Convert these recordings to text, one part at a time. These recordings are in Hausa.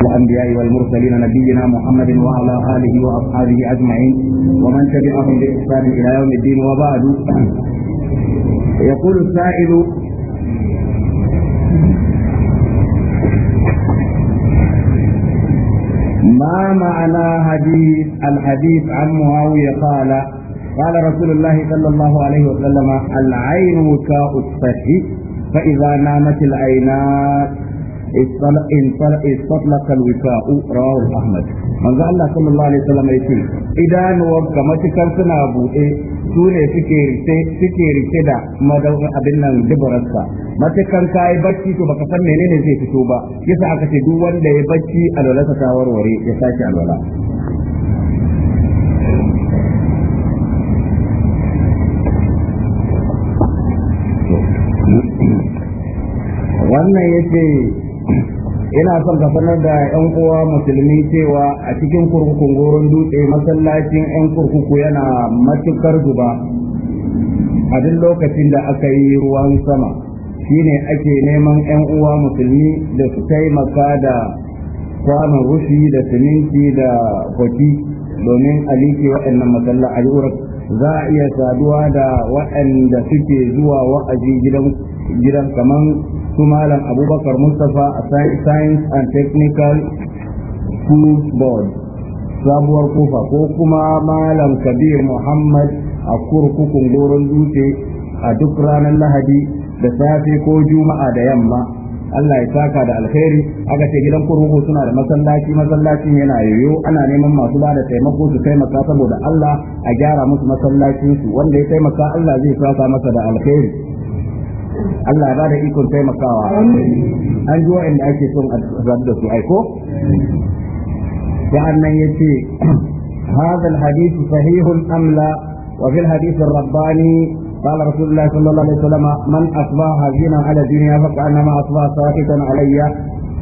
الأنبياء والمرسلين نبينا محمد وعلى آله وأصحابه أجمعين ومن تبعهم بإحسان إلى يوم الدين وبعد يقول السائل ما معنى حديث الحديث عن معاوية قال قال رسول الله صلى الله عليه وسلم العين وكاء الصحي فإذا نامت العينات استطلق الوفاء رواه أحمد من قال الله صلى الله عليه وسلم يقول إذا نوب كما تكر سنة بوئي سوني سكير كده ما دو أبنا دبرسا ما تكر كاي بكي تو بك سمي لين زي تتوبا يسعى كتدو وان لي بكي الولا تتاور وري يساكي الولا wannan yake ina son ka sanar da yan uwa musulmi cewa a cikin kurkukun goron dutse masallacin yan kurkuku yana matukar zuba a duk lokacin da aka yi ruwan sama shine ake neman yan uwa musulmi da su taimaka da kwanan rufi da siminti da kwaki domin a liƙe waɗannan masalla a za a iya saduwa da waɗanda suke zuwa wa'azi gidan kamar su malam abubakar mustapha a science and technical school board sabuwar kofa ko kuma malam kabir muhammad a kurkukun goron dutse a duk ranar lahadi da safe ko juma'a da yamma Allah ya saka da alkhairi aka ce gidan kurkuku suna da masallaci masallacin yana yoyo ana neman masu ba da taimako su taimaka saboda Allah a gyara musu masallacin su wanda ya taimaka Allah zai saka masa da alheri. Allah ba da ikon taimakawa an ji wa'anda ake son a da su aiko sa'annan ya ce هذا الحديث صحيح أم لا وفي الحديث الرباني قال رسول الله صلى الله عليه وسلم من أصبح هزينا على الدنيا فكأنما أصبح ساكتا علي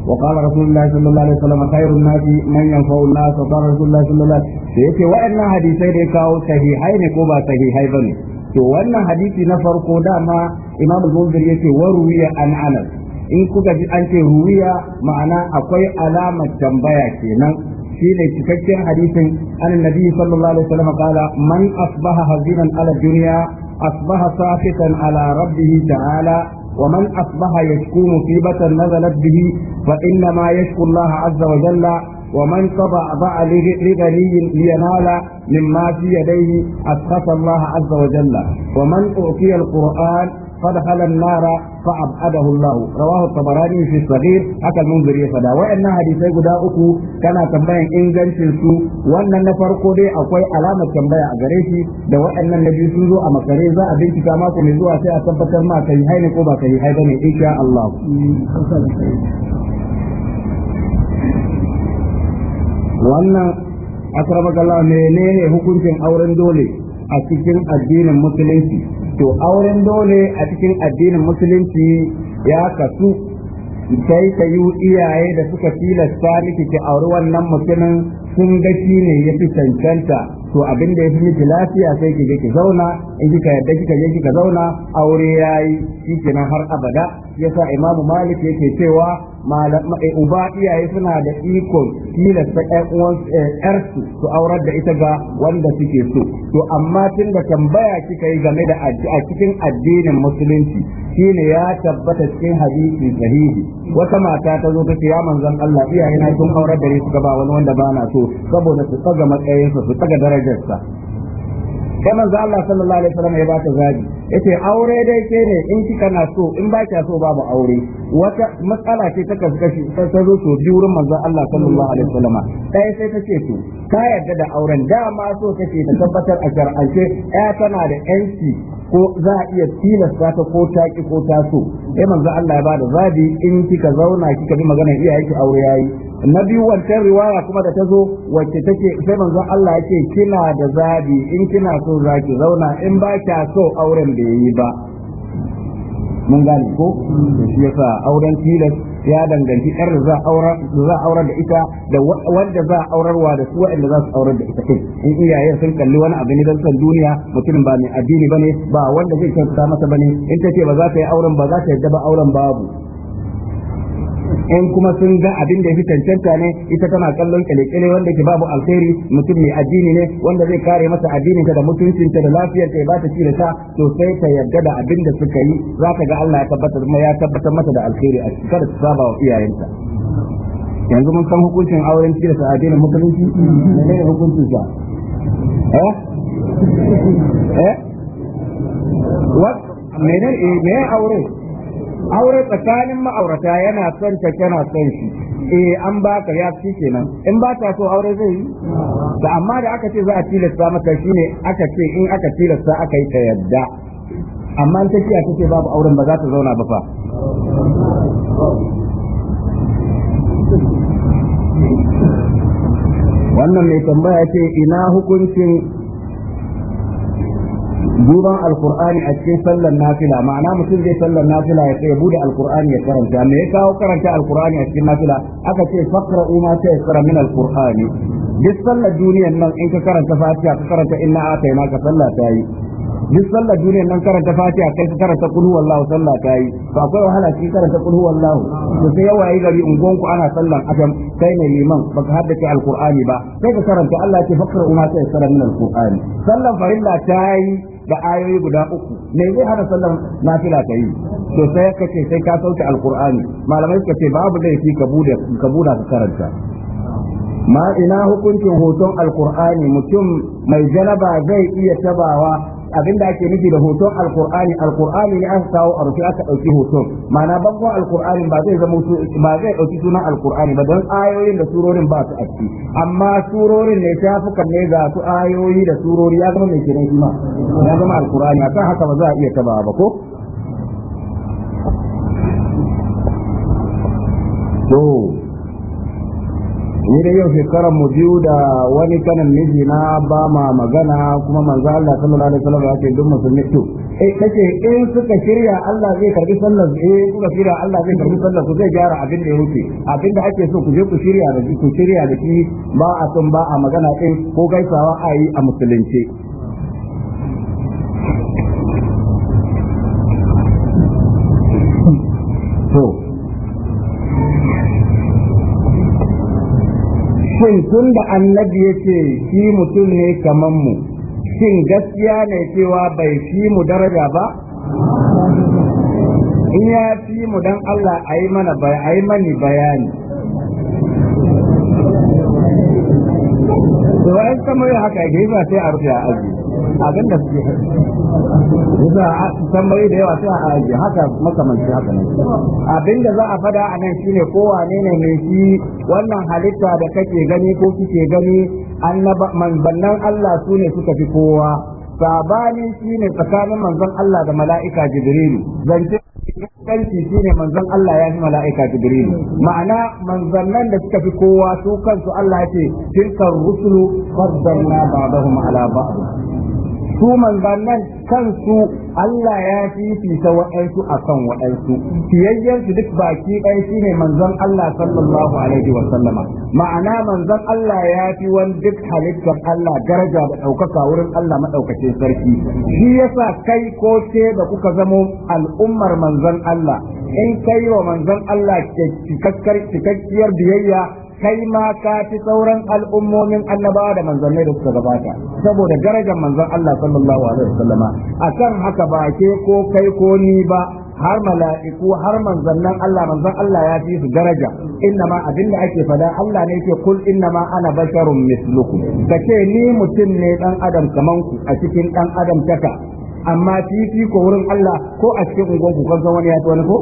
وقال رسول الله صلى الله عليه وسلم خير الناس من ينفع الناس وقال رسول الله صلى الله عليه وسلم يقول وإن حديثين كاو صحيحين كوبا صحيحين بني to wannan hadisi na farko dama imam al ya ce wa ruwiya an anas in kuka ji an ce ruwiya ma'ana akwai alamar tambaya kenan shine cikakken hadisin annabi sallallahu alaihi wasallam qala man asbaha hazinan ala dunya asbaha safikan ala rabbih ta'ala asbaha أصبح يشكو مصيبة نزلت به فإنما يشكو azza wa jalla. ومن طبع ضع لغني لينال مما في يديه أسخط الله عز وجل ومن أعطي القرآن فدخل النار فأبعده الله رواه الطبراني في الصغير حكى المنذر يفدا وإن حديثي قد أكو كان تنبين إنجل شلسو وأن نفرقو دي أقوي علامة تنبين أغريشي دا وأن النبي سنزو أما كريزا أبنتي كما كنزو أسي أسبت ما كيهين قوبا كيهين إن شاء الله wannan akramakallah menene hukuncin auren dole a cikin addinin musulunci to auren dole a cikin addinin musulunci ya kasu sai ka yi iyaye da suka tilasta miki ki auri wannan mutumin sun ga shi ne ya fi cancanta to abin da ya fi miki lafiya sai ki ga ki zauna in kika yadda kika je kika zauna aure yayi kenan har abada yasa imamu malik yake cewa Eh, uba iyaye suna da ikon tilasta eh, ƴarsu su aurar da ita ga wanda suke so to amma tun da tambaya kika yi game da a cikin addinin musulunci shi ne ya tabbata cikin hadisi sahihi wata mata ta zo ta ce ya manzon Allah iyaye na sun aurar da ni suka ba wani wanda ba na so saboda su tsaga matsayinsa su tsaga darajarsa sai manzo Allah sallallahu alaihi wasallam ya bata zabi yace aure dai ke ne in kika na so in ba kya so babu aure wata matsala ce ta kashi sai ta zo so wurin manzo Allah sallallahu alaihi wasallam sai sai ta ce to ta yarda da auren dama so kake ta tabbatar a shar'ance ya tana da yanci ko za a iya tilasta ta ko ta ki ko ta so sai manzo Allah ya bada zabi in kika zauna kika bi magana iyayenki aure yayi na biyu wancan riwaya kuma da ta zo wacce take sai manzo Allah yake kina da zabi in kina so zaki zauna in ba kya so auren da yi ba mun gane ko shi yasa auren tilas ya danganci ɗan da za aurar za aura da ita da wanda za aurarwa da su wanda za su aurar da ita kai in iyaye sun kalli wani abu ne dan san duniya mutum ba mai addini bane ba wanda zai kyautata masa bane in ta ce ba za ta yi auren ba za ta yadda ba auren babu in kuma sun ga abin da ya fi cancanta ne ita tana kallon kyalekyale wanda ke babu alheri mutum mai addini ne wanda zai kare masa addininta da mutuncinta da ta ya ta ci da ta to sai ta yarda da abin da suka yi za ka ga Allah ya tabbatar kuma ya tabbatar mata da alheri a cikin da saba wa iyayenta yanzu mun san hukuncin auren ci da addinin musulunci ne hukuncin sa eh eh wa menene eh me aure aure tsakanin ma'aurata yana son ta kana son shi eh an baka ya fi kenan in ba ta so aure zai yi da amma da aka ce za a tilasta maka shine aka ce in aka tilasta aka yi ta yadda amma in ta kiya take babu auren ba za ta zauna ba fa wannan mai tambaya ce ina hukuncin duban alkur'ani a cikin sallar nafila ma'ana mutum zai sallar nafila ya sai bude alkur'ani ya karanta me ya kawo karanta alkur'ani a cikin nafila aka ce faqra'u ma tayassara min alkur'ani duk sallar duniyar nan in ka karanta fatiha ka karanta inna atayna ka sallah ta yi duk sallar duniyar nan karanta fatiha kai ka karanta kulhu wallahu sallah ta yi to akwai wahala ki karanta kulhu wallahu to sai yawa yi gari ungon ku ana sallan adam kai ne liman baka haddace alqur'ani ba sai ka karanta Allah ya ce fakra umma ta yasara min alqur'ani sallan farilla ta yi da ayoyi guda uku me zai hana sallan nafila ta yi to sai ka ce sai ka sauke alqur'ani malamai suka ce babu laifi ka bude ka ka karanta ma ina hukuncin hoton alqur'ani mutum mai jaraba zai iya tabawa Abin da ake nufi da hoton alkur'ani alkur'ani ne aka kawo a rufe aka dauki hoton ma'ana bangon alkur'ani ba zai zama ba zai dauki sunan alkur'ani ba don ayoyin da surorin ba su a amma surorin ne shafukan ne ga su ayoyi da surori ya zama mai kenan shi ma ya zama A kan haka ba za a iya taba ba ko to ni dai yau shekaran mu biyu da wani kanan miji na ba ma magana kuma manzo Allah sallallahu alaihi wasallam ya ce duk musulmi to eh kace in suka shirya Allah zai karbi sallar eh suka shirya Allah zai karbi sallar su zai gyara abin da ya wuce abin da ake so ku je ku shirya da ku shirya da shi ba a tun ba a magana din ko gaisawa ayi a musulunci shin tun da annabi ya ce shi mutum ne kaman mu shin gaskiya ne cewa bai fi mu daraja ba in ya fi mu dan Allah a yi mana a yi mani bayani to wa'in kamar haka ba sai a rufe a aji abin da suke yasa a tambayi da yawa sai a aji haka makamanci haka ne abin da za a fada a nan shine wane ne mai shi wannan halitta da kake gani ko kike gani annaba manzannan Allah su ne suka fi kowa shi shine tsakanin manzon Allah da mala'ika Jibrilu zance kanci shi ne manzon Allah ya fi mala'ika Jibril ma'ana manzannan da suka fi kowa su kansu Allah ya ce tilkar rusulu faddalna ba'dahum ala ba'd su manzannan kansu Allah ya fifita waɗansu a kan waɗansu fiyayyensu duk baki ɗaya shine manzon Allah sallallahu alaihi wa sallama ma'ana manzon Allah ya fi wani duk halittar Allah daraja da ɗaukaka wurin Allah maɗaukacin sarki shi yasa kai ko ce da kuka zamo al'ummar manzon Allah in kai wa manzon Allah cikakkiyar biyayya kai ma ka fi sauran al'ummomin annabawa da manzannai da suka gabata saboda darajar manzon Allah sallallahu alaihi wasallama akan haka ba ke ko kai ko ni ba har mala'iku har manzannan Allah manzon Allah ya fi su daraja inna ma abin ake fada Allah ne yake kul inna ma ana basharun mislukum kace ni mutum ne dan adam kaman ku a cikin dan adam taka amma fifi ko wurin Allah ko a cikin ungon ku kan wani ya ci wani ko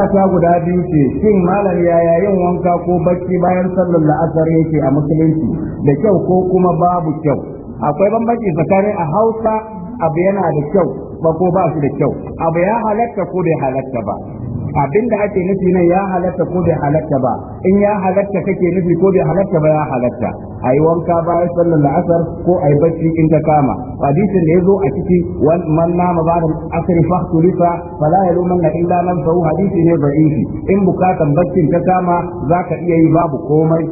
tambaya ta guda biyu ce shin malam yaya yin wanka ko bacci bayan sallar la'asar yake a musulunci da kyau ko kuma babu kyau akwai bambanci tsakanin a hausa abu yana da kyau ba ko ba shi da kyau abu ya halatta ko bai halatta ba abin da ake nufi nan ya halatta ko bai halatta ba in ya halatta kake nufi ko bai halatta ba ya halatta a yi wanka bayan sallar la'asar ko a yi bacci in ta kama hadisin da ya zo a ciki man nama ba da asar fahturifa fala ya zo manna illa man fahu hadisi ne da'ifi in bukatan baccin ta kama za ka iya yi babu komai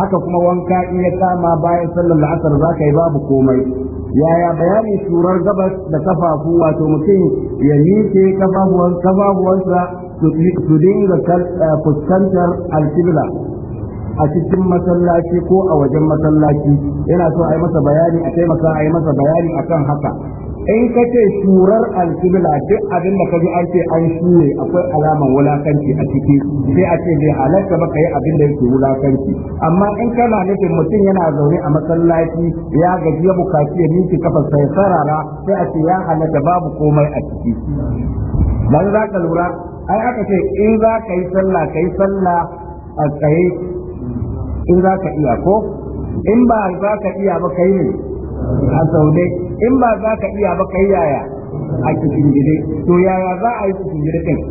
haka kuma wanka in ya kama bayan sallar la'asar za ka yi babu komai yaya bayani surar gabas da kafafu wato mutum ya nike kafafuwansa su dinga eh, fuskantar alkibla a cikin masallaci ko a wajen masallaci yana so a yi masa bayani a taimaka a yi masa bayani akan haka in ka ce shurar alkibla duk abin da ka ji an ce an shure akwai alamar wulakanci a ciki sai a ce bai halarta ba yi abin da yake wulakanci amma in kana nufin mutum yana zaune a masallaci ya gaji ya bukaci ya miki kafa sai sarara sai a ce ya halatta babu komai a ciki dan za ka lura ai aka ce in za ka yi sallah ka yi sallah a tsaye in za ka iya ko in ba za ka iya ba kai ne a Saude in ba za ka iya ba kai yaya a cikin gide to yaya za a yi cikin gide kai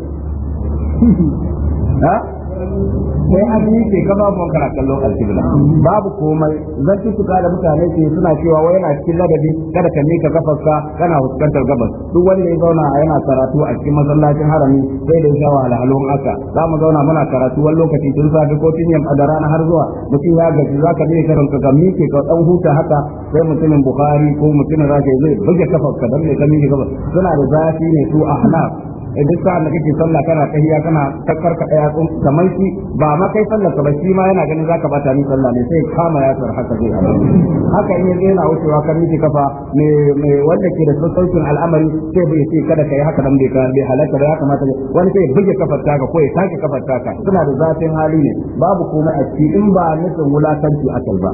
sai a ke ka babu kana kallon alkibla babu komai zan ci suka da mutane ke suna cewa wai yana cikin ladabi kada ka mika kafarka kana fuskantar gabas duk wanda ya zauna yana karatu a cikin masallacin harami sai da yawa alhalun aka za mu zauna muna karatu wani lokaci tun safe, ko tun yamma da rana har zuwa mutum ya gaji za ka mika kafarka ga mike ka dan huta haka sai mutumin bukhari ko mutumin rafi zai buge kafarka dan ne ka mike gabas suna da zafi ne su ahnaf Eh, duk sa'an da kake sallah kana tahiya kana takkar daya tsun kamar shi ba ma kai sallar ka ba shi ma yana ganin zaka bata ni sallah ne sai kama ya sar haka zai haka in yanzu yana wucewa kan miki kafa me me wanda ke da sassaucin al'amari sai bai ce kada kai haka dan bai bai halaka da ya kamata wani sai buge kafar taka ko ya take kafar taka suna da zafin hali ne babu komai a ciki in ba nufin wulakanci akal ba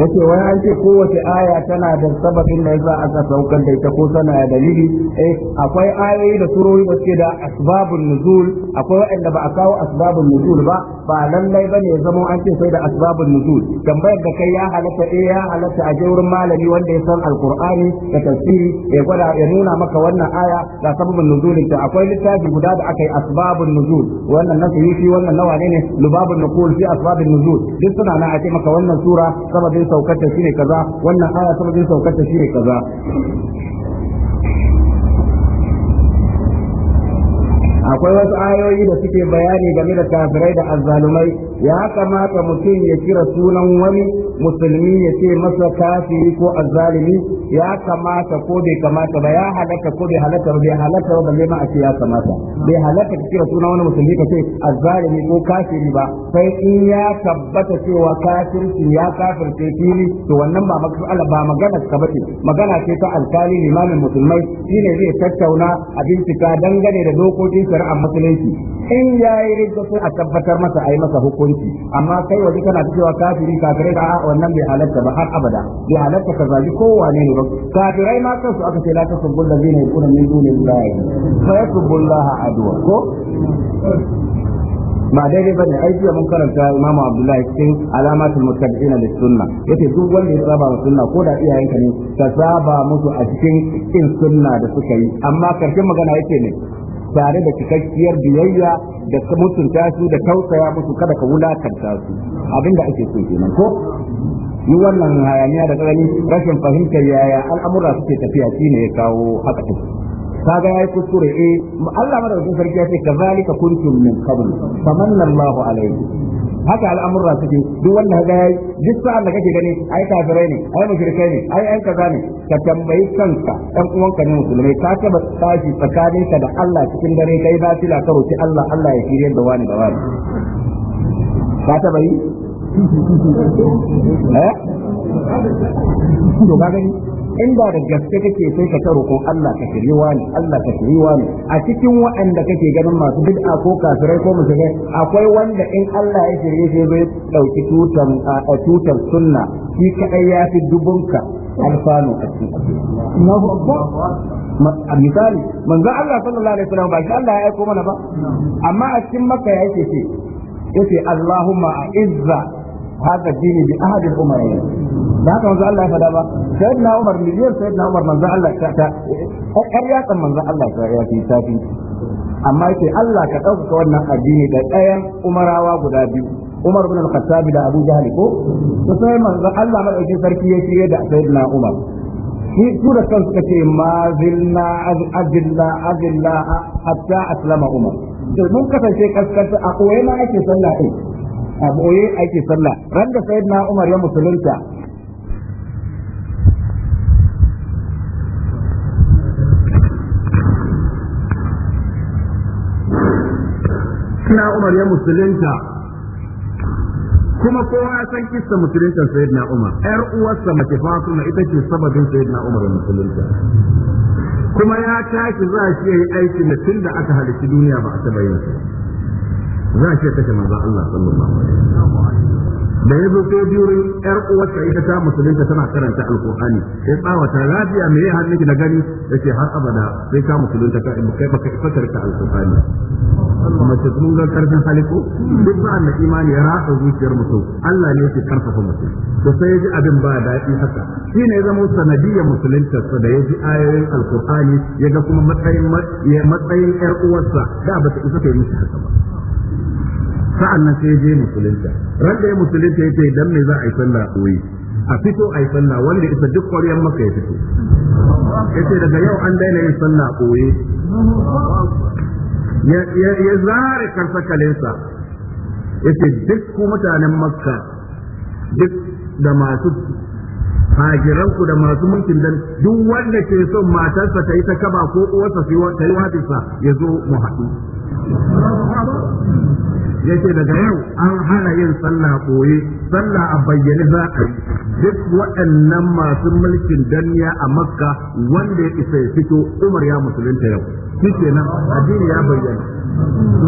yace wai an ce kowace aya tana da sababin da yasa aka saukar da ita ko tana da dalili eh akwai ayoyi da surori da suke da asbabun nuzul akwai wanda ba a kawo asbabun nuzul ba ba lallai ne ya zama an ce sai da asbabun nuzul tambayar da kai ya halatta eh ya halatta a je wurin malami wanda ya san alqur'ani da tafsiri ya gwada ya nuna maka wannan aya ga sababin nuzulin ta akwai littafi guda da aka yi asbabun nuzul wannan nasu yi wannan nawa ne lubabun nukul fi asbabun nuzul duk suna na a ce maka wannan sura sababin saukar ta shine kaza wannan aya sababin saukar ta shine kaza akwai wasu ayoyi da suke bayani game da kafirai da azzalumai ya kamata mutum ya kira sunan wani musulmi ya ce masa kafiri ko azzalimi ya kamata ko bai kamata ba ya halatta ko bai halatta bai halatta ba balle ma a ce ya kamata bai halatta ka kira sunan wani musulmi ka ce azzalimi ko kafiri ba sai in ya tabbata cewa kafirci ya kafirce fili to wannan ba Allah ba magana ka bace magana ce ta alkali limamin musulmai shine zai tattauna a bincika dangane da dokokin shari'ar musulunci in ya yi sai a tabbatar masa a yi masa hukunci mulki amma kai waje kana cewa kafiri kafirai da wannan bai halatta ba har abada bai halatta ka zagi kowane ne ba kafirai ma su aka ce la tasubbu allazina yakuna min dunillahi fa yasubbu allaha adwa ko ba daidai bane ai jiya mun karanta Imam Abdullahi cikin alamatul muttabi'ina lis sunna yace duk wanda ya saba sunna ko da iyayenka ne ka saba musu a cikin kin sunna da suka yi amma karshen magana yake ne tare da cikakkiyar biyayya da mutunta su da tausaya musu kada ka wulakanta su abinda ake so kenan ko ni wannan hayaniya da tsarani rashin fahimtar yaya al'amura suke tafiya shi ne ya kawo haka kaga yayi kuskure eh Allah madaukakin sarki ya ce kazalika kuntum min qabl famanna Allahu alayhi haka al'amurra suke duk wanda ka yayi duk sa'an da kake gani ai kafirai ne ai mushrikai ne ai ai kaza ne ka tambayi kanka dan uwanka ne musulmai ka taba tsakanin ka da Allah cikin dare kai nafila karo ki Allah Allah ya kire da wani da wani ka taba yi eh to ga gani in ba da gaske kake sai ka ta roƙon Allah ka shiri wani Allah ka shiri wani a cikin waɗanda kake ganin masu bid'a ko kafirai ko musulmai akwai wanda in Allah ya shirye shi zai dauki tutan a tutan sunna shi kadai ya fi dubunka alfanu a cikin Allahu akbar misali manzo Allah sallallahu alaihi wasallam ba shi Allah ya aiko mana ba amma a cikin makka ya yake ce yace Allahumma a'izza هذا الدين بأحد الأمرين da haka manzo Allah ya fada ba sayyidina Umar miliyan sayyidina Umar manzo Allah ta ta har ya kan manzo Allah ta ya fi tafi amma yake Allah ka dauka wannan addini da ɗayan umarawa guda biyu Umar bin al-Khattab da Abu Jahl ko to sai manzo Allah madaukin sarki ya shirye da sayyidina Umar shi su da kansu suka ce ma zilna azilla azilla hatta Umar ake sallah a boye ake sallah ran da sayyidina Umar ya musulunta na Umar ya musulunta kuma kowa ya san kissa musulunta sayyidina Umar yar uwarsa mace Fatima ita ce sababin sayyidina Umar ya musulunta kuma ya tashi za shi yi aiki da tun da aka halitta duniya ba a taba yin za a ce kashe manzo Allah sallallahu alaihi da ya zo sai biyorin yar uwarsa ita ta musulunta tana karanta alqur'ani sai tsawata lafiya me ya hannunki da gani yace har abada sai ta ta ka kai baka fakar ka kuma ce kun ga karfin duk ba da imani ya rasa zuciyar mutum Allah ne yake karfafa mutum to sai ji abin ba daɗi haka shine ne zama sanadiyyar musuluntarsa da ya ji ayoyin alqur'ani ya ga kuma matsayin matsayin yar uwarsa da ba ta isa ta yi musu haka ba sa'an nan sai je musulunta ran ya musulunta ya ce dan me za a yi sallah koyi a fito a yi sallah wanda isa duk ƙwaryar maka ya fito ya ce daga yau an daina yin sallah koyi ya zare kalensa ya ce duk ku mutanen makka duk da masu hajiranku da masu mulkin dan duk wanda ke son matarsa ta yi ta kaba ko uwarsa ta yi watinsa ya zo mu haɗu yace daga yau an hana yin sallah koye sallah a bayyane za a yi duk waɗannan masu mulkin danniya a makka wanda ya isa ya fito umar ya musulunta yau shike nan addini ya bayyana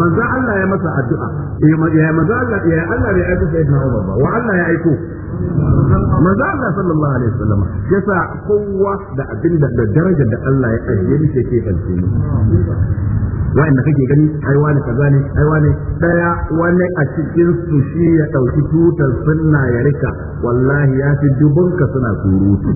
manzo Allah ya masa addu'a eh, ya manzo Allah ya Allah ya aika sayyidina Umar ba wa Allah ya aiko manzo Allah sallallahu alaihi wasallam yasa kowa da abin da darajar da Allah ya ajiye shi ke alheri wa'anda kake gani ai wani kaza ne ai wani daya wani a cikin su shi ya dauki tutar sunna ya rika wallahi ya fi ka suna surutu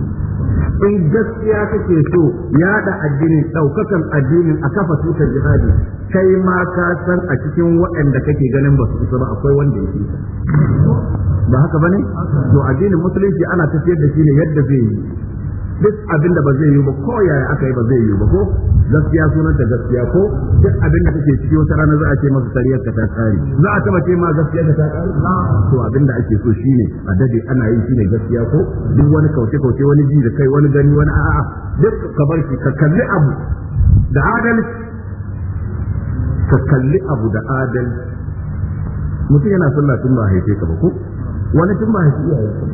in gaskiya kake so ya da addini daukakan addinin a kafa tutar jihadi kai ma ka san a cikin waɗanda kake ganin ba su ba akwai wanda yake ba haka bane to addinin musulunci ana tafiyar da shi ne yadda zai yi duk abin da ba zai yi ba ko yaya aka yi ba zai yi ba ko gaskiya sunan ta gaskiya ko duk abin da kake ciki wata rana za a ce masa sariyar ka ta tsari za a taba ce ma gaskiya ka ta tsari to abin da ake so shine a dade ana yin shine gaskiya ko duk wani kauce kauce wani ji da kai wani gani wani a'a duk ka bar shi ka kalli abu da adal, ka kalli abu da adal, mutum yana sallah tun ba haife ka ba ko wani tun ba haife iyayen ka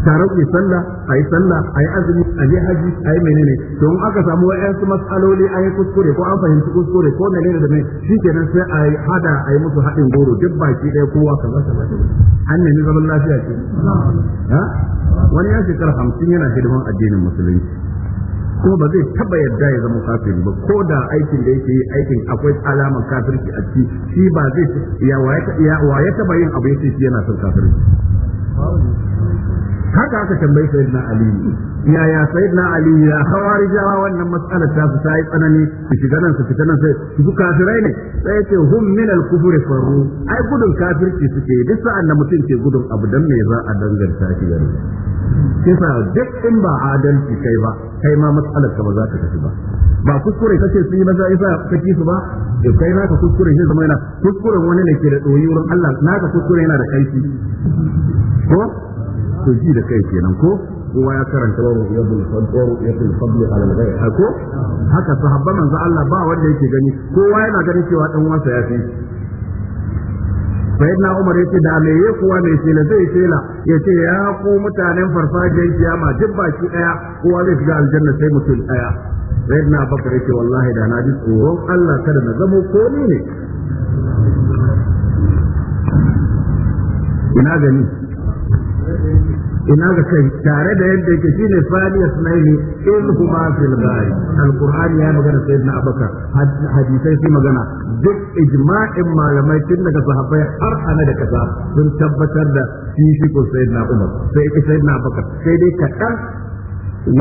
taron salla sallah a yi sallah a yi azumi a yi haji a yi menene don aka samu wa'yansu matsaloli a yi kuskure ko an fahimci kuskure ko menene da mai shi kenan sai a yi hada a yi musu haɗin goro duk baki ɗaya kowa kaza kaza an nemi zaman lafiya ce wani ya shekara hamsin yana hidiman addinin musulunci kuma ba zai taba yadda ya zama kafiri ba ko da aikin da yake yi aikin akwai alamar kafirci a ciki shi ba zai ya waye taba yin abu ce shi yana son kafirci haka aka tambayi sayyidina ali yaya sayyidina ali ya khawarijawa wannan mas'ala ta su sai tsanani su shiga nan su fita nan sai su kafirai ne sai yace hum min al faru ai gudun kafirci suke duk sa'an da mutum ke gudun abu dan me za a danganta shi gare shi sa duk in ba adalci kai ba kai ma mas'alar ka ba za ka tafi ba ba kuskure kace su yi maza isa su ba da kai naka kuskure shi zama yana kuskuren wani ne ke da doyi wurin Allah naka kuskure yana da kaifi ko to ji da kai kenan ko kowa ya karanta wa ru'yatul ya ru'yatul fadl ala al-ghayr ko haka sahabban manzo Allah ba wanda yake gani kowa yana ganin cewa dan wasa ya fi sayyidina Umar yace da me ya kowa mai ce la zai ce la yace ya ku mutanen farfajiya kiyama duk baki daya kowa zai shiga aljanna sai mutum daya sayyidina bakare yace wallahi da na ji tsoron Allah kada na zamo ko ni ne ina gani ina ga kai tare da yadda yake shine fadiya sunaini in huma fil bari alqur'ani ya magana sayyidina abakar hadisai sai magana duk ijma'in malamai tun daga sahabbai har ana da kasa sun tabbatar da shi shi ko sayyidina umar sai sayyidina abakar sai dai kaɗan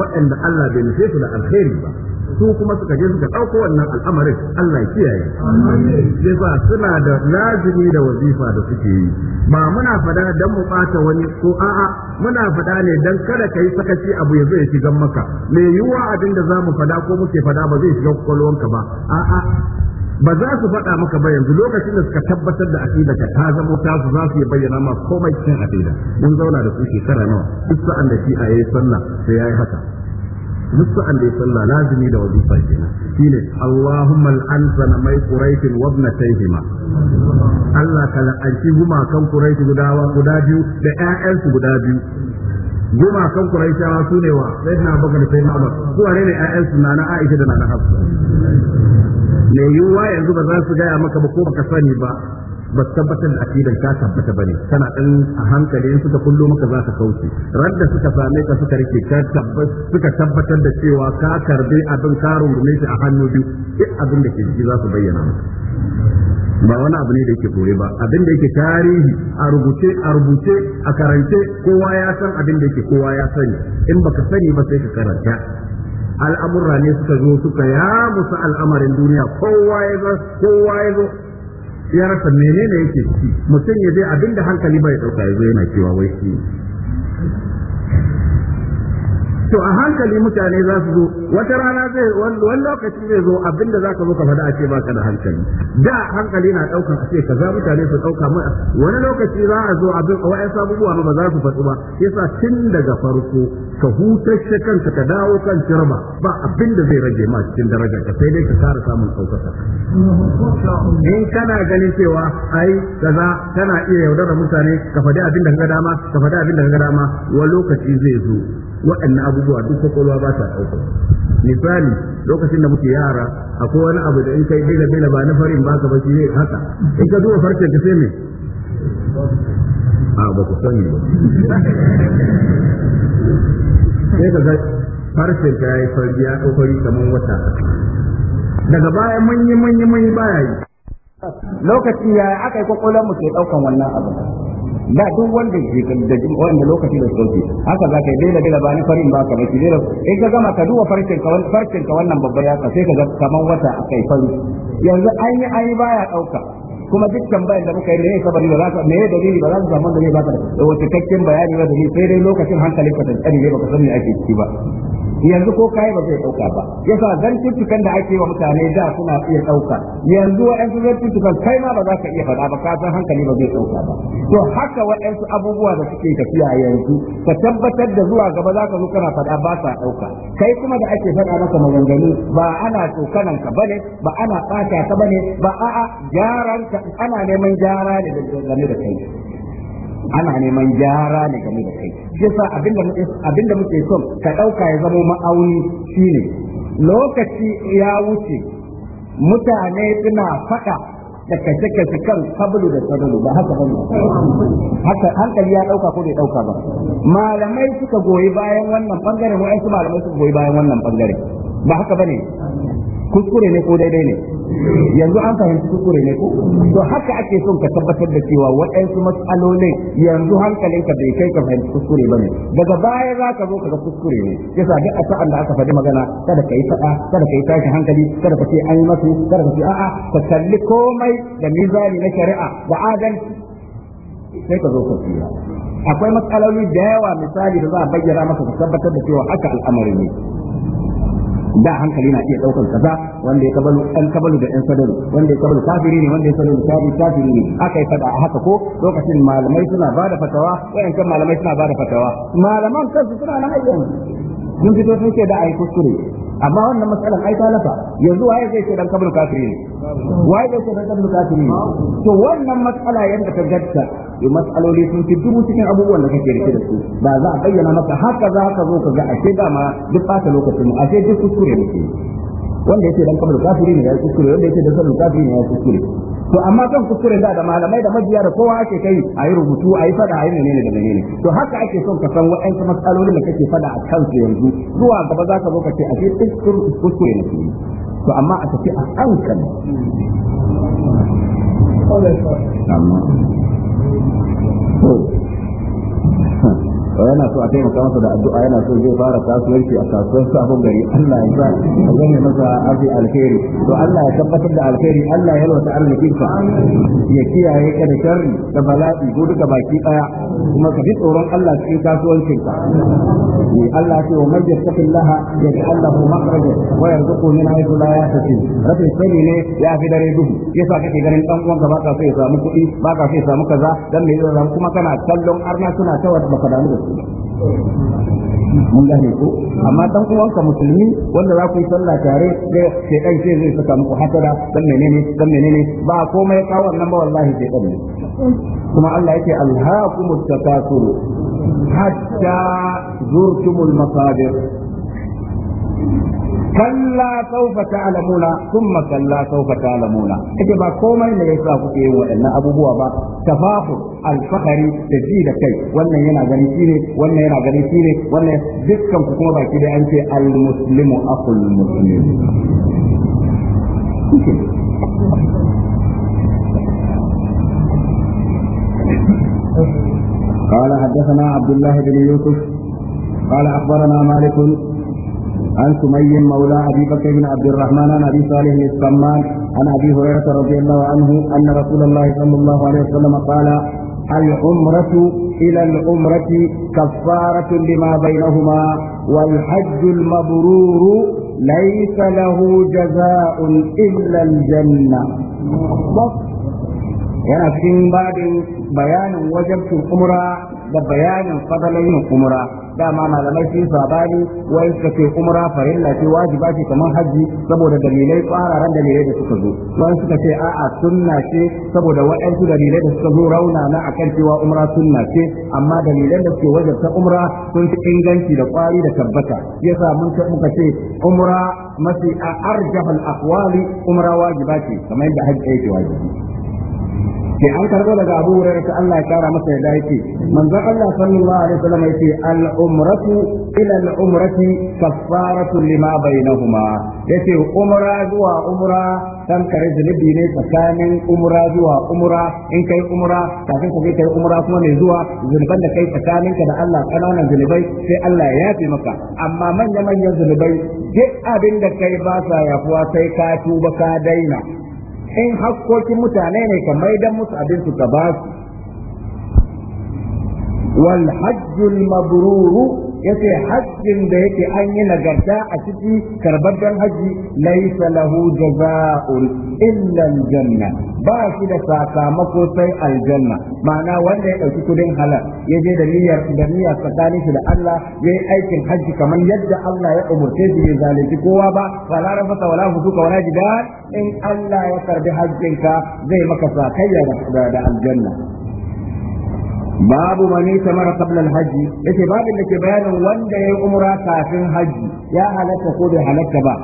waɗanda Allah bai nufe su da alheri ba su kuma suka je suka ɗauko wannan al'amarin Allah ya kiyaye sai suna da lazimi da wazifa da suke yi ba muna fada dan mu bata wani ko a'a muna fada ne dan kada kai sakaci abu ya zo ya shiga maka me yiwuwa abin da zamu fada ko muke fada ba zai shiga kwakwalwanka ba a'a ba za su faɗa maka ba yanzu lokacin da suka tabbatar da aqida ka ta zama ta su za su yi bayyana ma komai cikin aqida mun zauna da su shekara nawa duk sa'an da shi a yayi sallah sai yayi haka duk sa'an da ya sallah lazimi da wazifa kenan shine Allahumma al'an mai quraish wa ibnatayhima Allah ka la'anci guma kan quraish gudawa guda biyu da ƴaƴansu guda biyu guma kan quraishawa wa ne wa sayyidina Abubakar sayyidina Umar su wane ne ƴaƴansu na na Aisha da na na Hafsa me yiwuwa yanzu ba za su gaya maka ba ko baka sani ba ba tabbatar da akidar ta tabbata bane tana dan a hankali in suka kullo maka za ka kauce ran da suka same ka suka rike ka suka tabbatar da cewa ka karbe abin ka rungume shi a hannu biyu duk abin da ke jiki za su bayyana maka ba wani abu ne da yake koyi ba abin da yake tarihi a rubuce a rubuce a karance kowa ya san abin da yake kowa ya sani in baka sani ba sai ka karanta al'amurra ne suka zo suka ya musu al'amarin duniya kowa ya zo kowa ya zo ya rasa menene yake ciki mutum ya je abinda hankali bai dauka yazo yana cewa wai shi to a hankali mutane za su zo wata rana zai wani lokaci zai zo abinda za ka zo ka faɗa a ce baka da hankali da hankali na ɗaukan a ce kaza mutane su ɗauka mai wani lokaci za a zo abin a wa'yan sabubuwa ba za su faɗu ba yasa tun daga farko ka hutashe kanka ka dawo kan cirma ba abin zai rage ma cikin darajar ka sai dai ka kara samun ɗaukaka in kana ganin cewa ai kaza kana iya yaudarar mutane ka faɗi abin da ka dama ka faɗi abin da dama wani lokaci zai zo waɗannan abu abubuwa duk kwakwalwa ba ta ɗauka misali lokacin da muke yara akwai wani abu da in kai bila bila ba na farin baka ba shi zai haka in ka duba farcen ka sai me a ba ku sani ba sai ka ga farcen ka yayi farji ya kokari kamar wata daga baya manyi manyi manyi baya yi lokaci yaya aka yi kwakwalwar mu ke ɗaukan wannan abu ba duk wanda ke da wanda lokaci da sauki haka za ka yi daina daina ba ni farin ba ka ki daina in ka gama ka duba farkin ka farkin ka wannan babban yatsa sai ka ga kaman wata akai fari yanzu an yi ai baya dauka kuma duk tambayar da muka yi ne sabari ba za ka me dalili ba za ka samu da ne ba ka da wata cikakken bayani ba da sai dai lokacin hankali ka tantani ne baka san me ake ciki ba yanzu ko kai ba zai dauka ba yasa zantuttukan da ake wa mutane da suna iya dauka yanzu wa'ansu zantuttukan kai ma ba za ka iya faɗa ba ka san hankali ba zai dauka ba to haka wa'ansu abubuwa da suke tafiya yanzu ka tabbatar da zuwa gaba za ka zo kana faɗa ba sa dauka kai kuma da ake faɗa maka maganganu ba ana tsokanan ka bane ba ana ɓata ka bane ba a'a gyaran ka ana neman gyara ne dangane da kai ana neman gyara ne game da kai shi yasa abinda muke abinda muke son ka dauka ya zama ma'auni shine lokaci ya wuce mutane suna faɗa da kace kace kan sabulu da sabulu, ba haka bane haka hankali ya dauka ko bai dauka ba malamai suka goyi bayan wannan bangare wa'ansu malamai suka goyi bayan wannan bangare ba haka bane kuskure ne ko daidai ne yanzu an fahimci kuskure ne ko to haka ake son ka tabbatar da cewa waɗansu matsalolin yanzu hankalinka bai kai ka fahimci kuskure ba ne daga baya za ka zo ka ga kuskure ne yasa duk a sa'an da aka faɗi magana kada ka yi faɗa kada ka yi tashin hankali kada ka ce an yi masu kada ka ce a'a ka kalli komai da mizani na shari'a da adalci sai ka zo ka fiya. akwai matsaloli da yawa misali da za a bayyana masa ka tabbatar da cewa haka al'amarin ne da hankali na iya ɗaukar kaza wanda ya kabalu dan kabalu da yan sadaru wanda ya kabalu kafiri ne wanda ya sadaru kafiri kafiri ne aka yi fada haka ko lokacin malamai suna da fatawa wayan kan malamai suna bada fatawa malaman kansu suna na ayyan mun fito sun ce da ai kuskure amma wannan matsalan ai talafa yanzu waye zai ce dan kabul kafiri ne waye zai ce dan kabul kafiri ne to wannan matsala yanda ka gatta yi matsaloli sun fi dubu cikin abubuwan da kake rike da su ba za a bayyana maka haka za ka zo ka ga ashe dama duk fata lokacin mu ashe duk kuskure muke wanda yake dan kabul kafiri ne ya kuskure wanda yake dan kabul kafiri ne ya kuskure to amma kan kuskure da da malamai da majiya da kowa ake kai a yi rubutu a yi fada a yi menene da menene to haka ake son ka san waɗansu matsalolin da kake fada a kansu yanzu zuwa gaba za ka zo ka ce a ce kuskure ne to amma a tafi a hankali yana so a taimaka masa da addu'a yana so zai fara kasuwanci a kasuwar sabon gari Allah ya sa Allah ya masa afi alheri to Allah ya tabbatar da alheri Allah ya yalwata arzikin ka ya kiyaye ka da sharri da bala'i ko duka baki daya kuma ka bi tsoron Allah cikin kasuwancin ka Allah ya ce wa man yattaqillaha yaj'al lahu makhraja wa yarzuqhu min haythu la yahtasib rabbi sani ne ya fi dare duhu ya yasa kake ganin ɗan uwanka ba ka so ya samu kuɗi ba ka so ya samu kaza dan me yasa kuma kana kallon arna suna tawar baka damu da mun gane ko amma dan uwanka musulmi wanda za ku yi sallah tare da shedan sai zai saka muku hasada dan menene dan menene ba komai ka wannan ba wallahi shedan ne kuma Allah yake alhaakumut takasur hatta zurtumul masabir kalla saufa ta'lamuna thumma kalla saufa ta'lamuna kace ba komai ne yasa kuke yin waɗannan abubuwa ba tafahu alfahari da ji da kai wannan yana gani shine wannan yana gani shine wannan dukkan ku kuma baki da an ce almuslimu aqul muslim قال حدثنا عبد الله بن يوسف قال اخبرنا مالك عن سمي مولى ابي بكر بن عبد الرحمن عن ابي صالح السمان عن ابي هريره رضي الله عنه ان رسول الله صلى الله عليه وسلم قال العمرة إلى العمرة كفارة لما بينهما والحج المبرور ليس له جزاء إلا الجنة yana cikin بعد بيان وجبت العمرة da bayanin fadalan umra dama malamai sun sabani wai suka ce umra farilla ce wajiba ce kamar haji saboda dalilai kwararan dalilai da suka zo wai suka ce a'a sunna ce saboda waɗansu dalilai da suka zo rauna na akan cewa umra sunna ce amma dalilan da suke ta umra sun fi inganci da kwari da tabbata yasa mun muka ce umra mafi arjahul aqwali umra wajiba ce kamar yadda haji yake wajibi ke an karbo daga Abu wurin ta Allah ya kara masa yadda yake manzon Allah sallallahu alaihi wasallam yake al umratu ila al umrati kaffaratu lima bainahuma yace umra zuwa umra dan kare zunubi ne tsakanin umra zuwa umra in kai umra kafin ka kai umra kuma mai zuwa zunuban da kai tsakanin ka da Allah kananan zunubai sai Allah ya yafe maka amma manya manyan zunubai duk abin da kai ba sa yafuwa sai ka tuba ka daina in hakkokin mutane ne ka maidan musu abin su ka ba su wal hajjul mabruru yace hajjin da yake an yi nagarta a cikin karbabben haji laisa lahu jaza'un illa aljanna ba shi da sakamako sai aljanna ma'ana wanda ya ɗauki kudin halal ya je da niyyar da niyyar tsakanin shi da Allah yayi aikin haji kamar yadda Allah ya umurce shi bai zalunci kowa ba wala rafata wala fusuka wala jidal in Allah ya karbi hajjinka zai maka sakayya da aljanna babu mani tamara qabla al-hajj yace babin da ke bayanin wanda ya yi umra kafin haji ya halatta ko bai halatta ba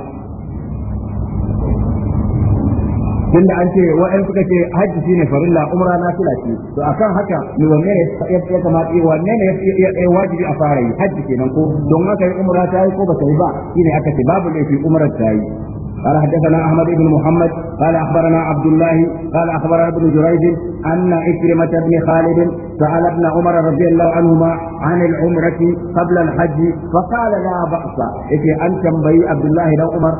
tunda an ce wa'an suka ce hajji shine farilla umra na fila ce to kan haka ne wanne ne ya kamata wanne ne ya wajibi a fara yi hajji kenan ko don haka umra ta yi ko ba ta yi ba shine aka ce babu laifi umrar ta yi قال حدثنا احمد بن محمد قال اخبرنا عبد الله قال اخبرنا ابن جريج ان عكرمه بن خالد سال ابن عمر رضي الله عنهما عن العمره قبل الحج فقال لا باس إذا انت بي عبد الله بن عمر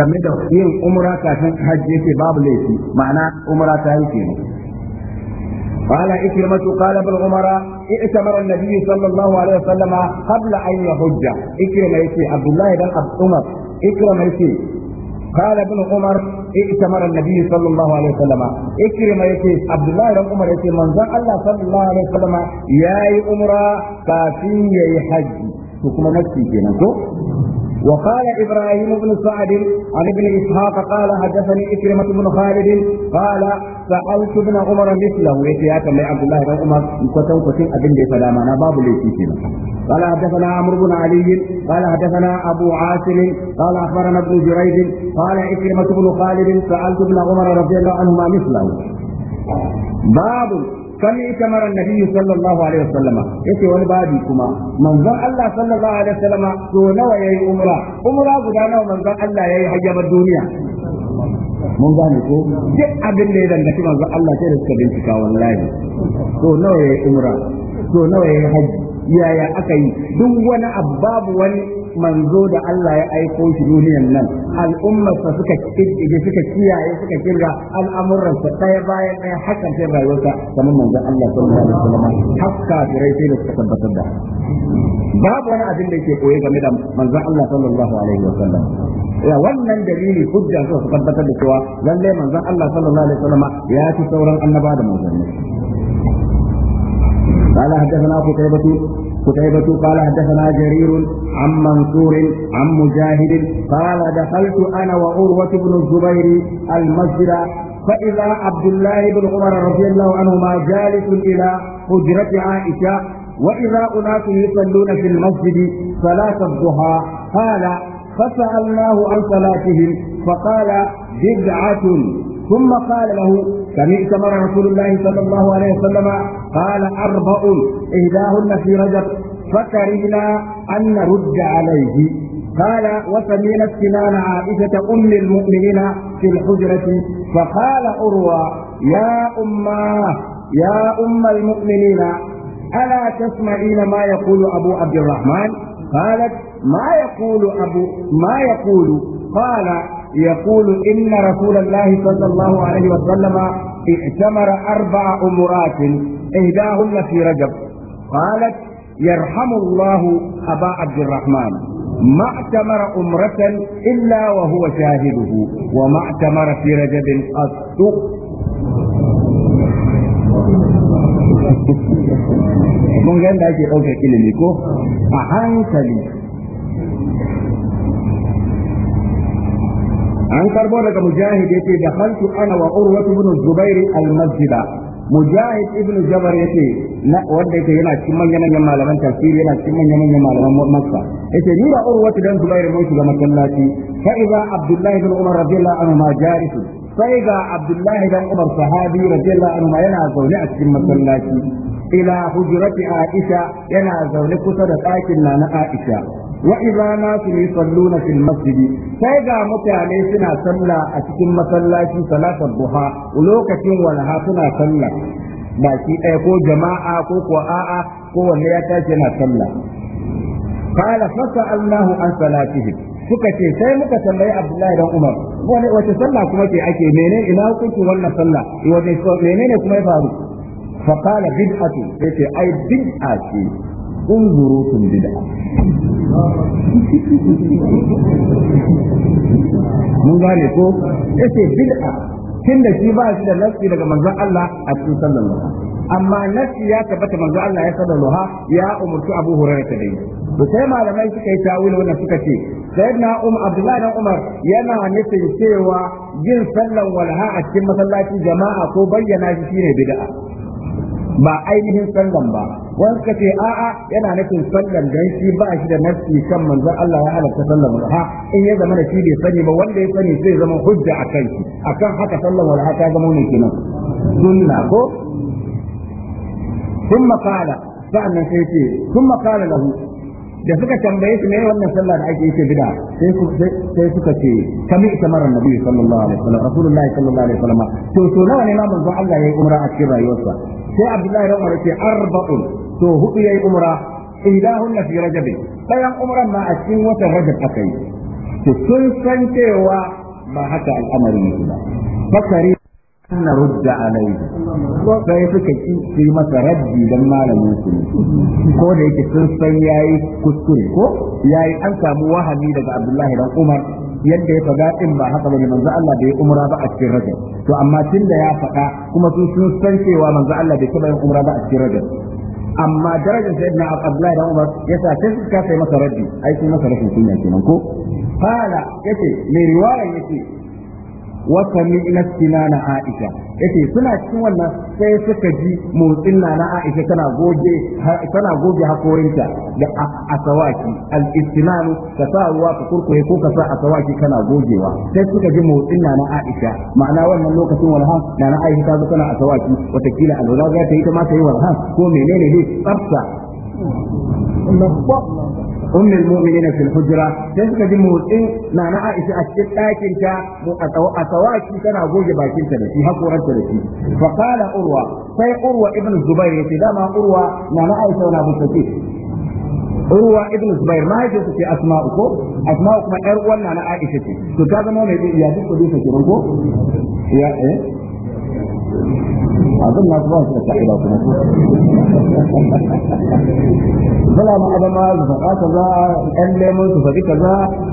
لم يدعو yin عمره kafin حج في باب laifi ma'ana عمره تاريخي قال إكرمة قال ابن عمر ائتمر النبي صلى الله عليه وسلم قبل أن يحج إكرمة يتي عبد الله بن عمر اكرم yace قال ابن عمر ائتمر النبي صلى الله عليه وسلم اكرم يتي عبد الله بن عمر يتي من زن الله صلى الله عليه وسلم ياي عمر كافي ياي حج حكم نفسي كينا وقال إبراهيم بن سعد عن ابن إسحاق قال حدثني إكرمة بن خالد قال sa'altu ibn umar mithlahu yace ya tambayi abdullahi dan umar kwatan kwatin abin da ya fada mana babu laifi kenan قال حدثنا عمرو بن علي قال حدثنا ابو عاصم قال اخبرنا ابن جريج قال عكرمه بن خالد سالت ابن عمر رضي الله عنهما مثله باب كم النبي صلى الله عليه وسلم wani babi kuma manzon Allah sallallahu alaihi wasallam to nawa yayi umra umra guda nawa manzon Allah yi hajjabar duniya mun gane ko duk abin da ya dangaci manzo Allah sai da suka bincika wallahi to nawa ya umra to nawa ya haji yaya aka yi duk wani abu babu wani manzo da Allah ya aiko shi duniyan nan al'ummar sa suka kiddige suka kiyaye suka kirga al'amuran sa daya bayan daya hakan sai rayuwarsa kamar manzo Allah sallallahu alaihi wasallam hakka birai sai da suka tabbatar da babu wani abin da yake koyi game da manzo Allah sallallahu alaihi wasallam ya wannan dalili hujja su tabbatar da cewa lalle manzo Allah sallallahu alaihi wasallam ya ci sauran annaba da manzanni قال حدثنا قتيبة قتيبة قال حدثنا جرير عن منصور عن مجاهد قال دخلت أنا وعروة بن الزبير المسجد فإذا عبد الله بن عمر رضي الله عنهما جالس إلى حجرة عائشة وإذا أناس يصلون في المسجد صلاة الضحى قال فسألناه عن صلاتهم فقال بدعة ثم قال له سمعت من رسول الله صلى الله عليه وسلم قال أربع إهداهن في رجب فكرهنا أن نرد عليه قال وسمينا السنان عائشة أم المؤمنين في الحجرة فقال أروى يا أما يا أم المؤمنين ألا تسمعين ما يقول أبو عبد الرحمن قالت ما يقول أبو ما يقول قال يقول إن رسول الله صلى الله عليه وسلم ائتمر أربع أمرات إهداهن في رجب قالت يرحم الله أبا عبد الرحمن ما اعتمر أمرة إلا وهو شاهده وما اعتمر في رجب قط ممكن ده شيء أوكي كلميكو أهان سلي أنكر بولك مجاهد يتي دخلت أنا وأروة بن الزبير المسجد mujahid ibn jabar yace wanda yake yana cikin manyan manyan malaman tafsiri yana cikin manyan manyan malaman makka yace ni da urwatu dan zubair mun shiga masallaci fa idza abdullahi ibn umar radiyallahu anhu ma jarisu sai ga abdullahi dan umar sahabi radiyallahu anhu yana zaune a cikin masallaci ila hujrati aisha yana zaune kusa da ɗakin na na aisha wa idza nasu yusalluna fil masjid sai ga mutane suna sallah a cikin masallaci salatar duha lokacin walha suna sallah baki ɗaya ko jama'a ko ko a'a ko wanne ya tace na sallah qala fasalnahu an salatihim suka ce sai muka tambayi Abdullahi dan Umar wani wace sallah kuma ke ake menene ina hukuncin wannan sallah wace ne kuma ya faru fa qala bid'atu sai ai bid'a unzurutun bid'a mun gane ko yace bid'a tunda shi ba shi da nasi daga manzon Allah a cikin sallar luha amma nasi ya tabbata manzon Allah ya sallar luha ya umarci Abu Hurairah ta dai to sai malamai suka yi tawil wannan suka ce sayyidina Um Abdullahi Umar yana nufin cewa jin sallar walha a cikin masallaci jama'a ko bayyana shi shine bid'a ba ainihin sallan ba wani suka ce a'a yana nufin sallan dan ba shi da nafsi kan manzon Allah ya halatta sallan ha in ya zama da shi bai sani ba wanda ya sani zai zama hujja a kai akan haka sallan wala ta zama ne kenan sunna ko ثم قال فأنا سيتي ثم قال له da suka tambaye shi me wannan sallah da ake yake bid'a sai suka ce kami ita marar nabi sallallahu alaihi wasallam rasulullahi sallallahu alaihi wasallam to to nawa ne ma manzon Allah yayi umra a cikin rayuwarsa sai Abdullahi dan Umar ce arba'un to hudu yayi umra ilahunna fi rajab bayan umran ma a cikin watan rajab akai to sun san cewa ba haka al'amari ne ba bakari na rudda alaihi sai suka ki yi masa raddi dan malamin su ko da yake sun san yayi kuskure ko yayi an samu wahami daga Abdullahi dan Umar yadda ya faɗa din ba haka bane manzo Allah bai umra ba a cikin rajab to amma tunda ya faɗa kuma sun san cewa manzo Allah bai taba yin umra ba a cikin rajab amma darajar sai na Abdullahi da Umar ya sa sai suka kai masa raddi ai sai masa rashin kunya kenan ko fala yace mai riwaya yace wa sami'na na aisha yace suna cikin wannan sai suka ji motsin na aisha tana goge tana goge hakorinta da asawaki al-istinanu ka sa ruwa ka kurkure ko ka sa asawaki kana gogewa sai suka ji motsin na aisha ma'ana wannan lokacin na nana aisha ta zo tana asawaki watakila alwala za ta yi ta ma ta yi walha ko menene ne tsafta ummul mu'minina fil hujra sai suka ji motsin na na Aisha a cikin a ta mu a tawaki tana goge bakin ta da shi hakoran ta da shi fa urwa sai urwa ibn zubair yace dama urwa na Aisha na bukaci urwa ibn zubair ma yake ce asma'u ko asma'u kuma yar uwan na Aisha ce to zama mai ya duk kudi abin na zuwa shi da ka'ida kuma bala ma adam su faɗa kaza ɗan lemon su faɗi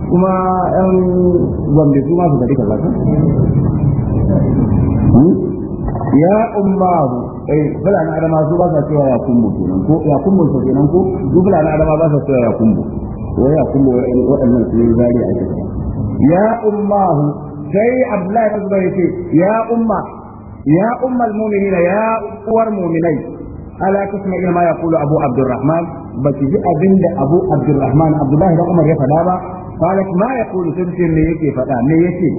kuma ɗan gombe su ma su faɗi hmm? ya ummahu eh bala na adama su ba sa cewa ya kumbu kenan ko ya kumbu su kenan ko duk bala na adama ba sa cewa ya kumbu wai ya kumbu waɗannan su zari a cikin ya ummahu sai abdullahi zubair ya umma ya ummul mu'minin ya uwar mu'minai ala kasma ila ma yaqulu abu abdurrahman baki bi abinda abu abdurrahman abdullahi da umar ya fada ba qalat ma yaqulu sai me yake fada me yake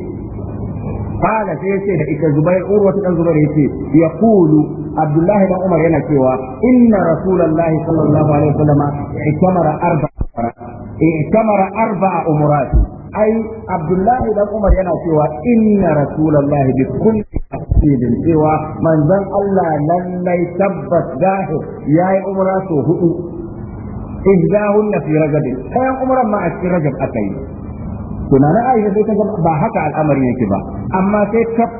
qala sai yace da ita zubair urwa dan zubair yace yaqulu abdullahi dan umar yana cewa inna rasulullahi sallallahu alaihi wasallam ikamara arba'a ikamara arba'a umurat ai abdullahi dan umar yana cewa inna rasulullahi bi تفسير سوى من ذن الله لن يثبت ذاه يا عمره إذ في رجب أي عمر ما في رجب أتي كنا لا أي شيء تجمع بحق على الأمر ينكبا أما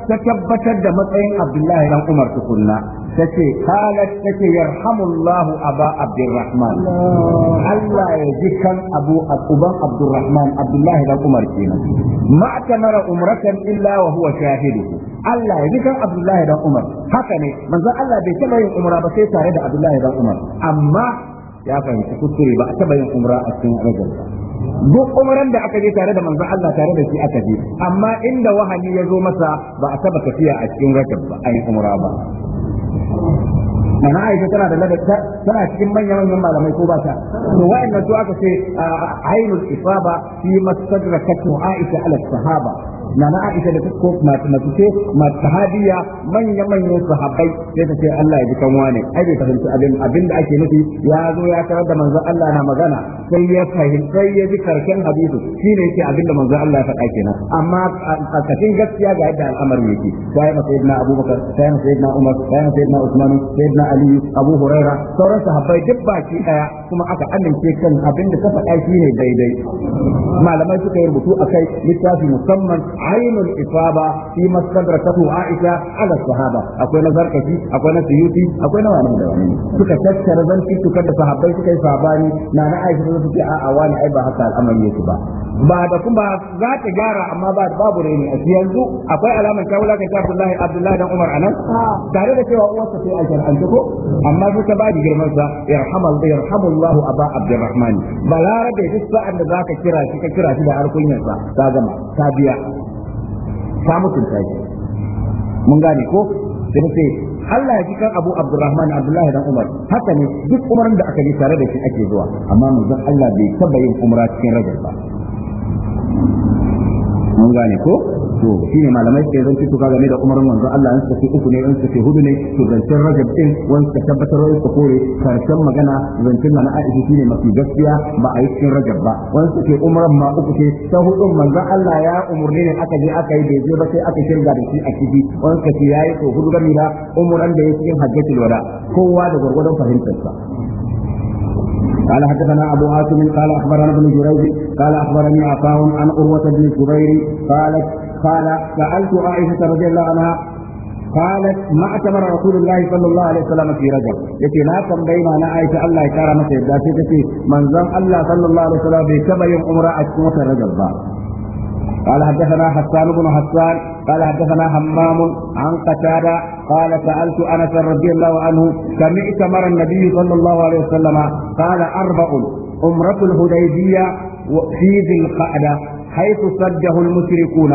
تكبت دمت أي عبد الله لن عمر تقولنا تكي قالت تكي يرحم الله أبا عبد الرحمن الله يجيك أبو أبا عبد الرحمن عبد الله لن عمر كينا ما تمر عمرك إلا وهو شاهده Allah ya kan Abdullahi dan Umar haka ne manzon Allah bai taba yin umra ba sai tare da Abdullahi dan Umar amma ya fahimci kuskure ba a taba yin umra a cikin rajul duk umran da aka je tare da manzon Allah tare da shi aka je amma inda wahani ya zo masa ba a taba tafiya a cikin rajul ba ai umra ba mana aisha tana da ladabta tana cikin manyan manyan malamai ko ba ta to wa'annan su aka ce ainul ifaba fi masadrakat aisha ala sahaba nana Aisha da ko masu ce masu sahabiya manya manyan sahabbai sai ta ce Allah ya ji kan wane ai bai fahimci abin abin da ake nufi ya zo ya tarar da manzon Allah na magana sai ya fahimci sai ya ji karshen hadisi shine yake abin da manzon Allah ya faɗa kenan amma a cikin gaskiya ga yadda al'amari yake sai ma sayyidina Abubakar sai ma sayyidina Umar sai ma sayyidina Usman sayyidina Ali Abu Huraira sauran sahabbai duk baki daya kuma aka amince kan abin da ka faɗa shine daidai malamai suka yi rubutu akai littafi musamman ainul ifaba fi mastadrakatu aisha ala sahaba akwai na zarkafi akwai na suyuti akwai na wani da wani suka tattara zanci tukar da sahabbai suka yi sabani na na aisha ta ce a'a wani ai ba haka al'amari yake ba ba da kuma za ta gyara amma ba babu reni a yanzu akwai alamar ta wulakan ta Abdullahi Abdullahi dan Umar anan tare da cewa uwarsa sai a shar'anta ko amma su ta girman sa yarhamal yarhamullahu aba Abdurrahman balarabe duk sa'an da za kira shi ka kira ba da harkunyar sa ta gama ta biya ta mutunta shi mun gane ko sai Allah ya ji kan Abu Abdurrahman Abdullah dan Umar haka ne duk umarin da aka yi tare da shi ake zuwa amma manzon Allah bai taba yin umra cikin rajul ba mun gane ko to ne malamai sai zan tuka game da umarin manzo Allah in suka uku ne in hudu ne to zancen rajab din wani suka tabbatar wani kore karshen magana zancen na Aisha ne mafi gaskiya ba a yi cikin rajab ba wani suke umarin ma uku ce ta hudu manzo Allah ya umarni ne aka je aka yi bai je ba sai aka shirga da shi a ciki wani suka ce yayi to hudu gami da da ya cikin hajjatul wada kowa da gwargwadon fahimtarsa قال حدثنا ابو عاصم قال اخبرنا ابن جريج قال اخبرني عطاء عن عروه بن الزبير قالت قال سألت عائشة رضي الله عنها قالت ما اعتمر رسول الله صلى الله عليه وسلم في رجل يتي لا تنبين أنا عائشة الله يكرم سيدا سيتي من زم الله صلى الله عليه وسلم في كما يوم عمره الرجل بار قال حدثنا حسان بن حسان قال حدثنا حمام عن قتادة قال سألت أنس رضي الله عنه كم ائتمر النبي صلى الله عليه وسلم قال أربع أمرة الهديبية في ذي القعدة حيث سده المشركون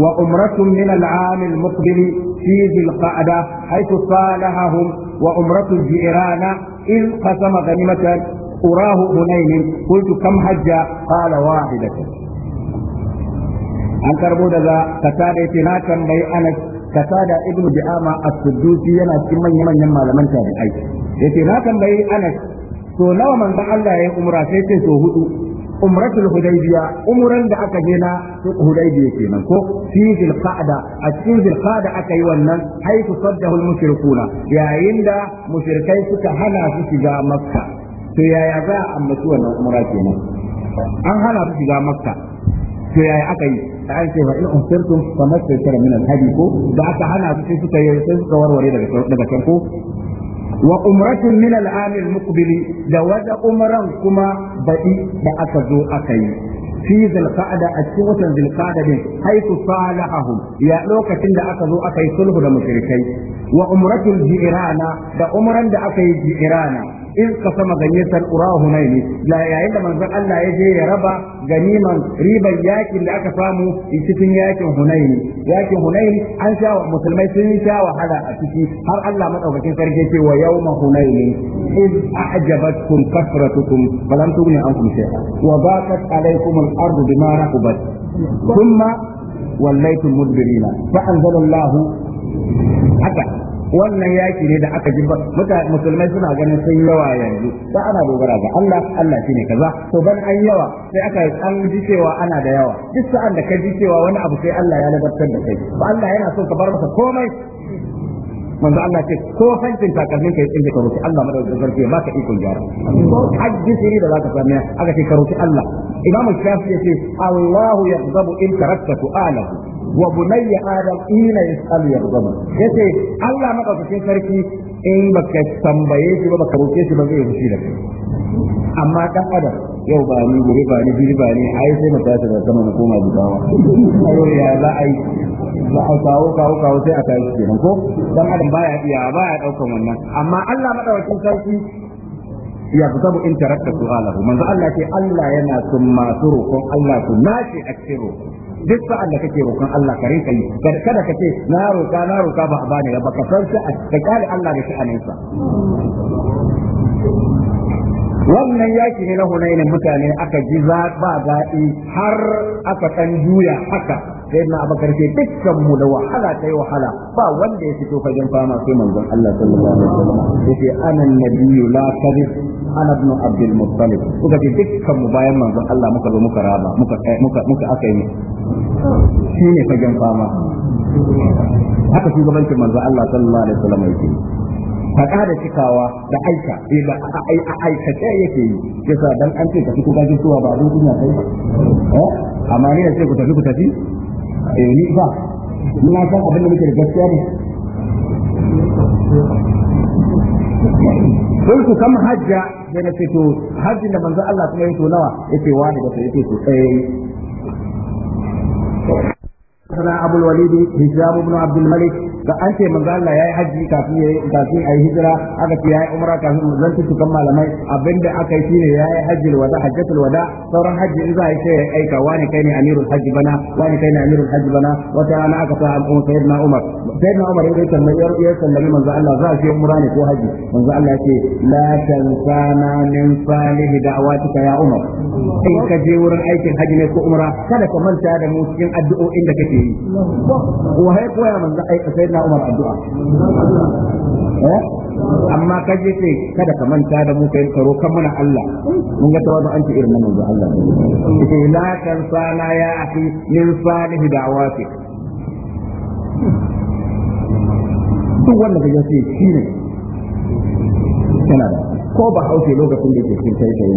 وعمرة من العام المقبل في ذي القعدة حيث صالحهم وعمرة الجيران إذ قسم غنيمة أراه هنين قلت كم حج قال واحدة أن كربو دغا كتابة تناكا بي أنس kasada ibnu bi'ama as-suddusi yana cikin manyan manyan malaman tabi'ai yace na tambayi anas to nawa manzo Allah ya umra sai ce so umratul hudaybiya umran da aka je na hudaybiya kenan ko fi zulqa'da a cikin zulqa'da aka yi wannan haitu saddahu mushrikuna yayin da mushrikai suka hana su shiga makka to yaya za a ambaci wannan umra kenan an hana su shiga makka to yaya aka yi da an ce wa in umsirtum fa masaytara min al-hadi ko da aka hana su sai suka yi sai suka warware daga daga ko wa umratun min al al da wada umran kuma baɗi da aka zo aka yi fi zulqa'da a cikin watan zulqa'da din haitu salahahum ya lokacin da aka zo aka yi sulhu da mushrikai wa umratul ji'rana da umran da aka yi ji'rana in qasama ganiyatan ura hunain la yayin da manzon Allah ya je ya raba ganiman riban yakin da aka samu cikin yakin hunain yakin hunain an sha wa musulmai sun sha wahala a ciki har Allah madaukakin sarki ce wa yawma hunain iz a'jabatkum kasratukum falam tughni ankum shay'a wa baqat alaykum al-ardu bima rahabat thumma wallaytum mudbirina fa anzala Allah haka wannan yaki ne da aka ji musulmai suna ganin sun yawa yanzu ba ana dogara ga Allah Allah shine kaza to ban an yawa sai aka an ji cewa ana da yawa duk sa'an da ka ji cewa wani abu sai Allah ya labartar da kai ba Allah yana so ka bar masa komai manzo Allah ce ko hancin takalmin ka yi tsinke ka roki Allah madaukakin sarki ya baka ikon gyara ko hajji sirri da zaka sami aka ce ka roki Allah imamu shafi ce, Allahu yaghdabu in tarakta Alahu. wa bunayya adam ina yasalu yarzamu yace Allah madaukakin sarki in baka tambaye shi ba baka roke shi ba zai rushi da kai amma dan adam yau ba ni gobe ba ni biri ba ni ai sai mu tashi da sama mu koma gidawa ayo ya za a Ba a kawo kawo kawo sai a tashi kenan ko dan adam baya iya baya daukan wannan amma Allah madaukakin sarki ya fi sabu in tarakta su'alahu manzo Allah ce Allah yana sun masu roƙon Allah su nace a cikin roƙon duk sa'an da kake roƙon Allah ka yi kada ka ce na roƙa na roƙa ba a bani ba ka san ka kyale Allah da sha'aninsa wannan yaki ne na hunainin mutane aka ji za ba daɗi har aka kan juya haka sai na abakar ke dukkan mu da wahala ta yi wahala ba wanda ya fito fagen fama sai manzon Allah sallallahu alaihi wasallam yace ana nabiyyu la kadhib ana ibn abdul muttalib kuka ce dukkan mu bayan manzon Allah muka zo muka raba muka muka muka akai shi ne fagen fama haka shi shugabancin manzo Allah sallallahu alaihi wasallam yake faɗa da cikawa da aika eh, a aikace yake yi yasa dan an ce ka fito gaji zuwa ba abin kunya kai eh, amma ne sai ku tafi ku tafi eh ni ba ni na san abin da muke da gaskiya ne fito كم da manzo Allah kuma yake nawa yake wani da يتي واحد يتي تسعين حدثنا أبو الوليد هشام بن عبد الملك ga an ce manzo Allah yayi haji kafin yayi kafin ayi hijira aka ce yayi umra kafin manzon su kan malamai abinda aka yi shine yayi haji wada hajjatul wada sauran haji in za a yi sai aika wani kai ne amirul haji bana wani kai ne amirul haji bana wata ana aka sa abu sayyidina Umar sayyidina Umar ya tambaye ya sallami manzo Allah za a je umra ne ko haji manzo Allah ya ce la tansana min salih da'watika ya Umar in ka je wurin aikin haji ne ko umra kada ka manta da mu cikin addu'o'in da kake yi wa hay koya manzo ai na umar addu'a eh? amma ka je sai kada ka manta da mu kai karo kan muna Allah mun ga tawadu an ci irin nan da Allah ce la kan sana ya afi min salih da'awati duk wanda ka ce shi ne kana ko ba hauke lokacin da yake cikin sai sai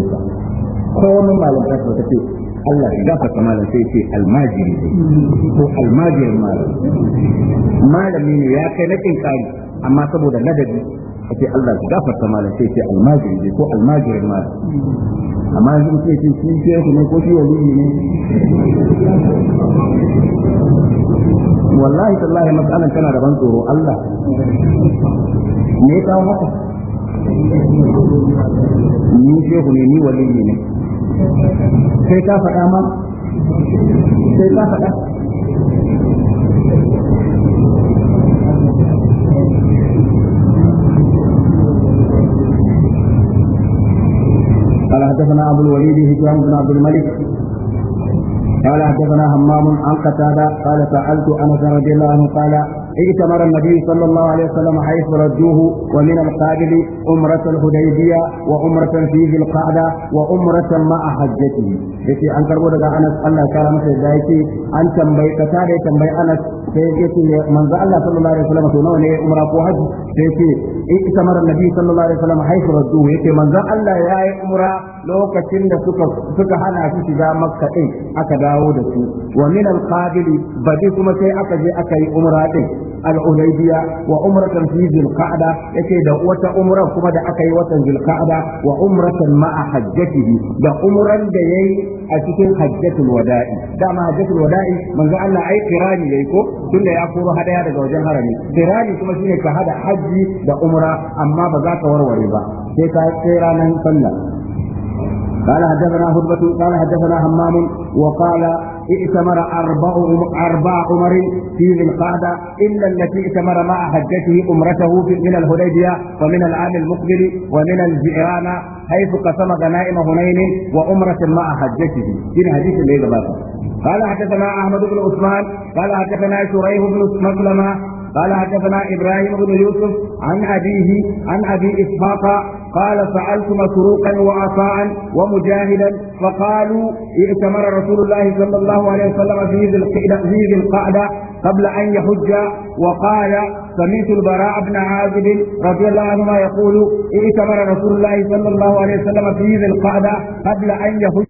ko mun malam ka ce Allah ya gafarta malam sai ce almajiri ko malam malami ne ya kai na kin amma saboda ladabi Allah ya gafarta malam sai ce almajiri ko malam amma yanzu ce shi ne ko shi ne wallahi matsalan tana da ban tsoro Allah me ya kawo haka ni shehu ne ni waliyi ne sai ka faɗa ma sai ka faɗa قال حدثنا ابو الوليد هشام بن عبد الملك قال حدثنا همام عن قتاده قال سالت انس رضي الله عنه قال اجتمر النبي صلى الله عليه وسلم حيث ردوه ومن القابل عمرة الهديبية وعمرة في ذي القعدة وعمرة مع حجته yace an karbo daga Anas Allah ya kara masa da yake an tambayi ka tare tambayi Anas sai yace manzo Allah sallallahu alaihi wasallam to nawa ne umra ko haji sai yace itamar sallallahu alaihi wasallam haifu raddu Allah ya yi umra lokacin da suka suka hana shi shiga Makka din aka dawo da su wa min al-qabil kuma sai aka je aka yi umra din al-Hudaybiyya wa umratan fi Zulqa'da yace da wata umra kuma da aka yi watan Zulqa'da wa umratan ma'a hajjatihi da umran da yayi a cikin hajjatul wada'i dama hajjatul wada'i manzo Allah ai kirani yayi ko tunda ya koro hadaya daga wajen harami kirani kuma shine ka hada hajji da umra amma ba za ka warware ba sai ka tsira nan sallah قال حدثنا هربة قال حدثنا همام وقال ائتمر أربع أربع عمر في ذي القعدة إلا التي ائتمر مع حجته أمرته من الهديبية ومن العام المقبل ومن الجيران حيث قسم غنائم هنين وأمرة مع حجته في حديث الليل قال حدثنا أحمد بن عثمان قال حدثنا شريح بن مسلمة قال حدثنا إبراهيم بن يوسف عن أبيه عن أبي إسحاق قال سألت مسروقا وعطاء ومجاهدا فقالوا ائتمر رسول الله صلى الله عليه وسلم في ذي القعدة قبل أن يحج وقال سمعت البراء بن عازب رضي الله عنهما يقول ائتمر رسول الله صلى الله عليه وسلم في ذي القعدة قبل أن يحج